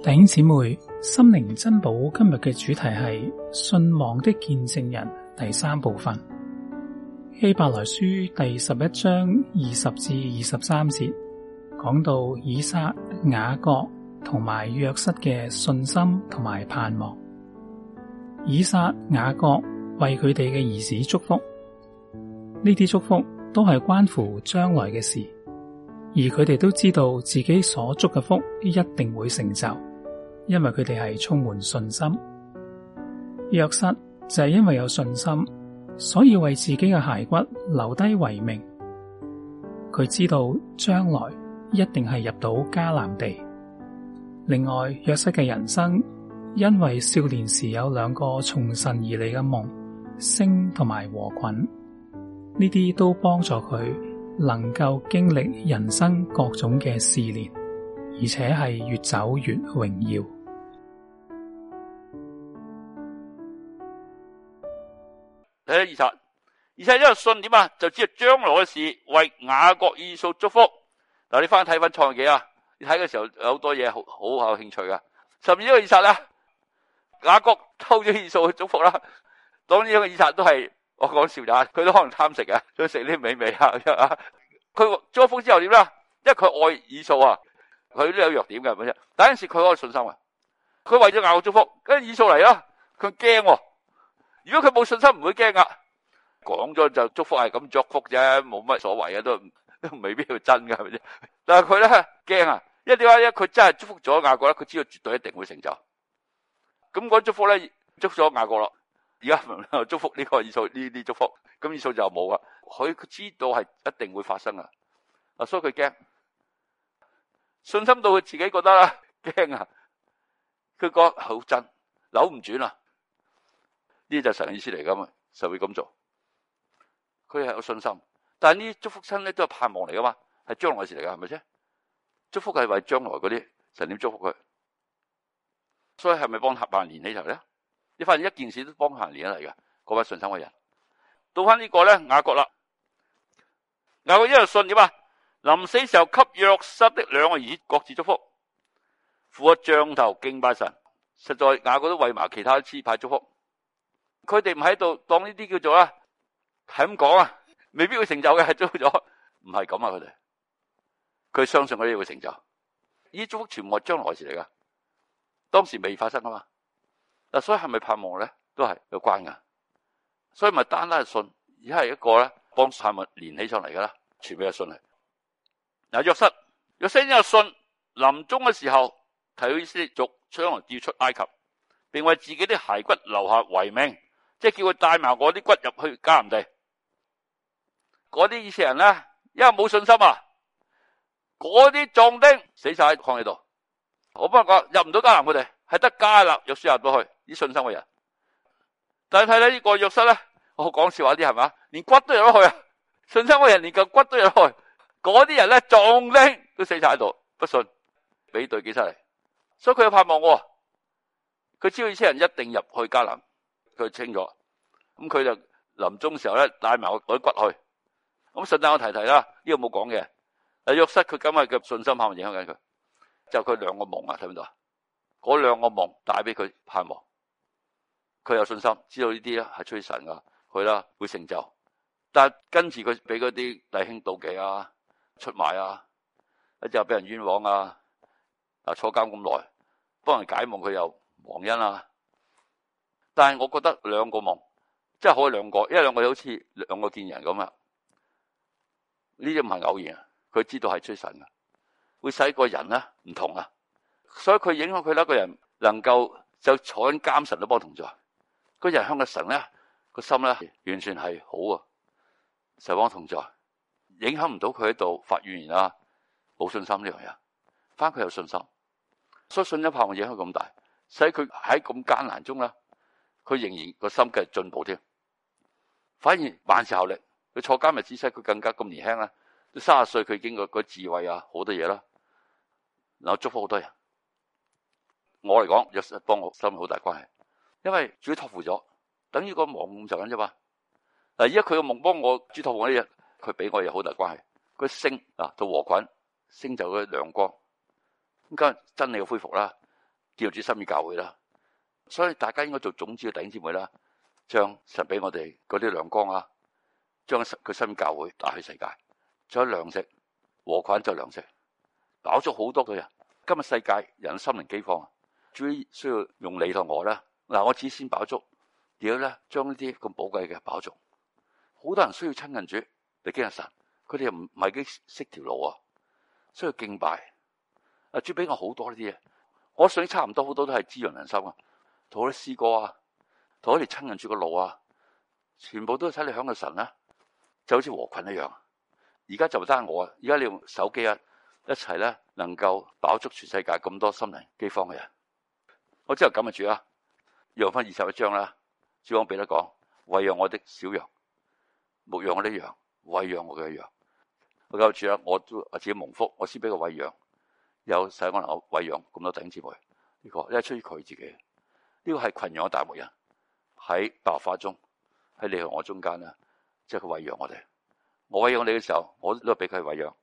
弟兄姊妹，心靈珍寶今日嘅主題係信望的見證人第三部分。希伯來書第十一章二十至二十三節講到以撒、雅各同埋約瑟嘅信心同埋盼望。以撒、雅各為佢哋嘅兒子祝福，呢啲祝福都係關乎將來嘅事，而佢哋都知道自己所祝嘅福一定會成就。因為佢哋係充滿信心，約瑟就係因為有信心，所以為自己嘅骸骨留低遺命。佢知道將來一定係入到迦南地。另外，約瑟嘅人生，因為少年時有兩個從神而嚟嘅夢，星同埋禾捆——呢啲都幫助佢能夠經歷人生各種嘅試煉，而且係越走越榮耀。睇啲以撒，而且因為信啊，就指著將來嘅事，為雅各、以掃祝福。嗱，你翻睇翻創世記啊，你睇嘅時候有好多嘢好好有興趣噶。甚至呢個以撒啦，雅各偷咗以掃嘅祝福啦，當呢兩個以撒都係我講笑咋，佢都可能貪食啊，想食啲美味啊。佢 祝福之後點啦？因為佢愛以掃啊，佢都有弱點嘅，係咪先？第一時佢好有信心啊，佢為咗雅各祝福，跟住以掃嚟啦，佢驚。如果佢冇信心，唔會驚啊！講咗就祝福係咁祝福啫，冇乜所謂啊，都都未必係真嘅係咪啫？但係佢咧驚啊，因為點解？因佢真係祝福咗雅各咧，佢知道絕對一定會成就。咁嗰祝福咧，祝福咗雅各咯。而家祝福呢個以掃呢啲祝福，咁以掃就冇啊。佢知道係一定會發生啊，所以佢驚，信心到佢自己覺得驚啊，佢覺得好真，扭唔轉啦。呢就是神意思嚟噶嘛，就會咁做，佢係有信心。但係呢祝福親咧都係盼望嚟噶嘛，係將來嘅事嚟噶係咪先？祝福係為將來嗰啲神點祝福佢，所以係咪幫客辦連起就咧？你發現一件事都幫，幫，幫人連起嚟噶，嗰班信心嘅人。到翻呢個呢，雅各啦，雅各因著信點啊，臨死時候給約瑟的兩個兒子各自祝福，扶著杖頭敬拜神，實在雅各都為埋其他支派祝福。佢哋唔喺度，當呢啲叫做咧，係咁講啊，未必會成就嘅，做咗唔係咁啊！佢哋，佢相信佢哋會成就。呢啲祝福全部係將來事嚟噶，當時未發生啊嘛。嗱，所以係咪盼望咧？都係有關噶。所以咪係單單信，而係一個咧，幫產物連起上嚟噶啦，傳俾阿信嚟。嗱，約瑟，約瑟因信臨終嘅時候，提到以色列族將來要出埃及，並為自己啲骸骨留下遺命。即係叫佢帶埋我啲骨入去迦南地，嗰啲以色列人咧，因為冇信心啊，嗰啲壯丁死晒喺曠野度。我不能講，入唔到迦南，佢哋係得迦勒約書亞入咗去，啲信心嘅人。但係咧呢、呢個約瑟咧，我講笑話啲係咪，連骨都入到去啊！信心嘅人連嚿骨都入到去，嗰啲人咧壯丁都死晒喺度，不信俾隊計出嚟。所以佢有盼望，佢知道以色列人一定入去迦南。佢清咗，咁佢就臨終時候咧帶埋我啲骨去。咁順帶我提提啦，呢個冇講嘅。約瑟佢今日嘅信心盼望影響緊佢，就佢兩個夢啊，睇唔到啊？嗰兩個夢帶俾佢盼望，佢有信心，知道呢啲咧係吹神噶，佢啦會成就。但跟住佢俾嗰啲弟兄妒忌啊，出賣啊，一就俾人冤枉啊，啊坐監咁耐，幫人解夢佢又忘恩啊。但係我覺得兩個夢即係可以兩個，因為兩個好似兩個見人咁啊！呢啲唔係偶然啊，佢知道係吹神啊，會使個人咧唔同啊，所以佢影響佢咧個人能夠就坐喺監，神都幫同在，個人向個神咧個心咧完全係好啊，神幫同在，影響唔到佢喺度發怨言啊，冇信心呢樣嘢，翻佢有信心，所以信心盼望影響咁大，使佢喺咁艱難中啦。佢仍然個心繼續進步添，反而萬事後力。佢坐監嘅姿勢，佢更加咁年輕啊！三十歲，佢已經個智慧啊，好多嘢啦。然後，祝福好多人。我嚟講，有幫我，心好大關係，因為主托付咗，等於個忙就咁啫嘛。嗱，依家佢個夢幫我，主托付啲日，佢俾我有好大關係。佢升，啊，到和群升就個亮光，咁梗係真理要恢復啦，叫立主心意教會啦。所以大家應該做種子嘅弟兄姊妹啦，將神俾我哋嗰啲亮光啊，將佢新教會帶去世界，有糧食和菌就糧食，飽足好多嘅人。今日世界人心靈饑荒啊，主需要用你同我啦。嗱，我只先飽足，然後咧將呢啲咁寶貴嘅飽足，好多人需要親近主嚟敬神，佢哋又唔係幾識條路啊，需要敬拜。阿主俾我好多呢啲嘢，我想差唔多好多都係滋潤人心啊。同啲詩歌啊，同一啲親近住個路啊，全部都睇你響個神啦、啊，就好似和群一樣。而家就得我啊，而家你用手機、啊、一一齊咧，能夠飽足全世界咁多心靈飢荒嘅人。我之後咁啊，住啦，用翻二十一章啦、啊，主講俾得講，餵養我的小羊，牧養我啲羊，餵養我嘅羊。我夠住啦、啊，我都自己蒙福。我先俾個餵養，有細個能夠餵養咁多弟兄姊妹呢、這個，因為出於佢自己。呢個係群羊嘅大牧人，喺百合花中，喺你和我中間啦，即係佢喂養我哋，我喂養你嘅時候，我都都係俾佢喂養。